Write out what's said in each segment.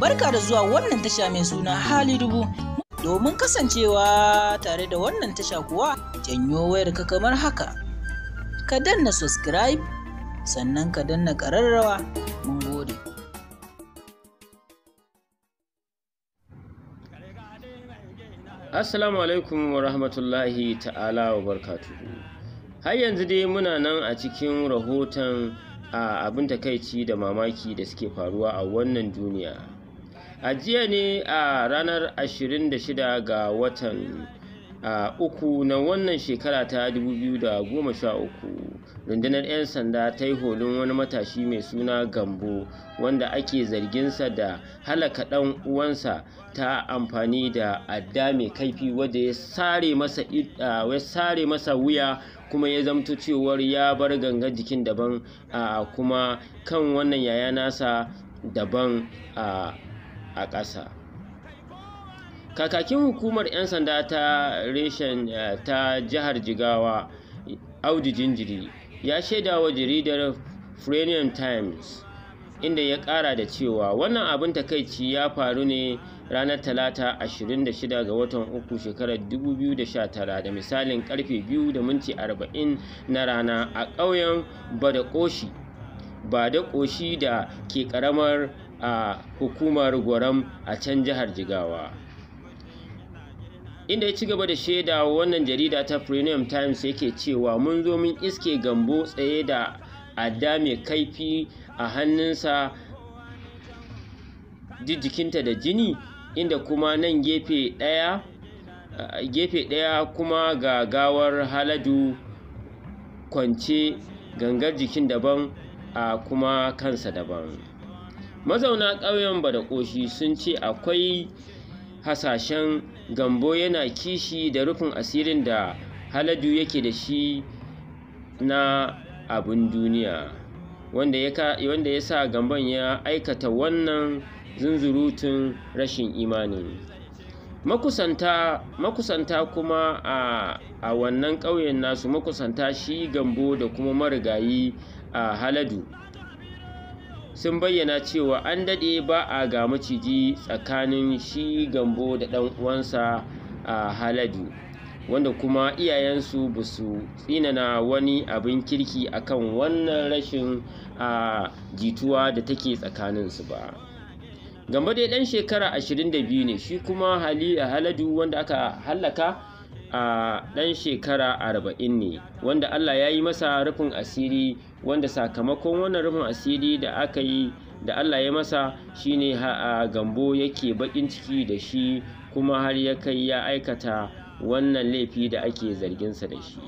barka da zuwa wannan tasha mai suna hali dubu domin kasancewa tare da wannan tasha kuwa janyo wayar ka kamar haka ka danna subscribe sannan ka danna ƙararrawa mun gode assalamu alaikum wa rahmatullahi ta'ala wa barkatuhu har yanzu dai muna nan a cikin rahoton a abin takaici da mamaki da suke faruwa a wannan duniya a jiya ne a ranar 26 ga watan uku na wannan shekara ta 2013 rundunar 'yan sanda ta yi holin wani matashi mai suna gambo wanda ake zarginsa da halaka dan uwansa ta amfani da adda mai kaifi wadda ya sare masa wuya kuma ya zamto cewar ya bar ganga jikin daban kuma kan wannan yaya nasa daban a a ƙasa kakakin hukumar 'yan sanda ta reshen eh, ta jihar jigawa audu jinjiri ya shaida wa jaridar Frenium times inda ya ƙara da cewa wannan abin takaici ya faru ne ranar talata 26 ga watan uku shekarar 2019 da misalin karfe 2 da minti 40 na rana a ƙauyen Bada ƙoshi da ke ƙaramar a hukumar gwaram a can jihar jigawa inda ya ci gaba da shaida wannan jarida ta premium times yake cewa mun zo mun iske gambo tsaye da adda mai kaifi a hannunsa jikinta da jini inda kuma nan gefe ɗaya gefe ɗaya kuma ga gawar haladu kwance gangar jikin daban a kuma kansa daban mazauna ƙauyen badakoshi sun ce akwai hasashen gambo yana kishi da rufin asirin da haladu yake da shi na abin duniya wanda ya sa gamban ya aikata wannan zunzurutun rashin imani makusanta, kuma a wannan ƙauyen nasu makusanta shi gambo da kuma marigayi a haladu sun bayyana cewa an daɗe ba a ga maciji tsakanin shi gambo da ɗan uwansa a haladu wanda kuma iyayensu ba su tsinana wani abin kirki akan wannan rashin a jituwa da take tsakaninsu ba gambo dai ɗan shekara 22 ne shi kuma haladu wanda aka hallaka a ɗan shekara arba'in ne wanda Allah ya yi masa rufin asiri wanda sakamakon wannan rufin asiri da aka yi da Allah ya masa shine a gambo yake baƙin ciki da shi kuma har ya kai ya aikata wannan laifi da ake zarginsa da shi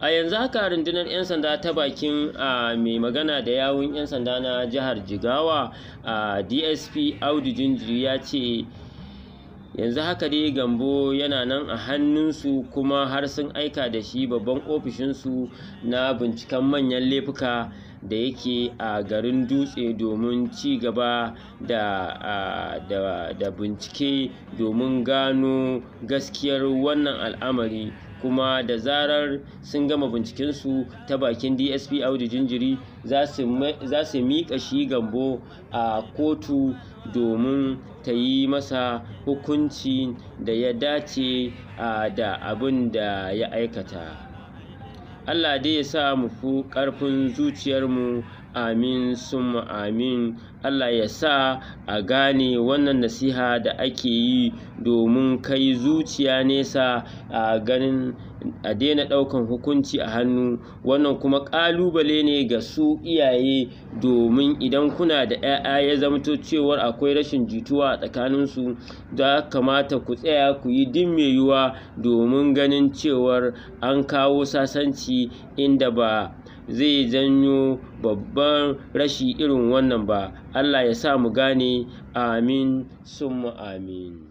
a yanzu haka rundunar 'yan sanda ta bakin mai magana da yawun 'yan sanda na jihar jigawa a dsp audu jinjiri ya ce yanzu haka dai gambo yana nan a hannunsu kuma har sun aika da shi babban ofishinsu na binciken manyan laifuka da yake a garin dutse domin ci gaba da, da bincike domin gano gaskiyar wannan al'amari kuma da zarar sun gama bincikensu ta bakin dsp audu jinjiri za su miƙa shi gambo a kotu domin ta yi masa hukunci da ya dace da abin da ya aikata allah dai ya sa mu fi ƙarfin zuciyarmu amin summa amin Allah ya sa a gane wannan nasiha da ake yi domin kai zuciya nesa a ganin a daina ɗaukan hukunci a hannu wannan kuma ƙalubale ne ga su iyaye domin idan kuna da 'ya'ya ya zamto cewar akwai rashin jituwa a tsakaninsu da kamata ku tsaya ku yi din mai yiwuwa domin ganin cewar an kawo sasanci inda ba zai janyo babban rashi irin wannan ba Allah ya sa mu gane amin mu amin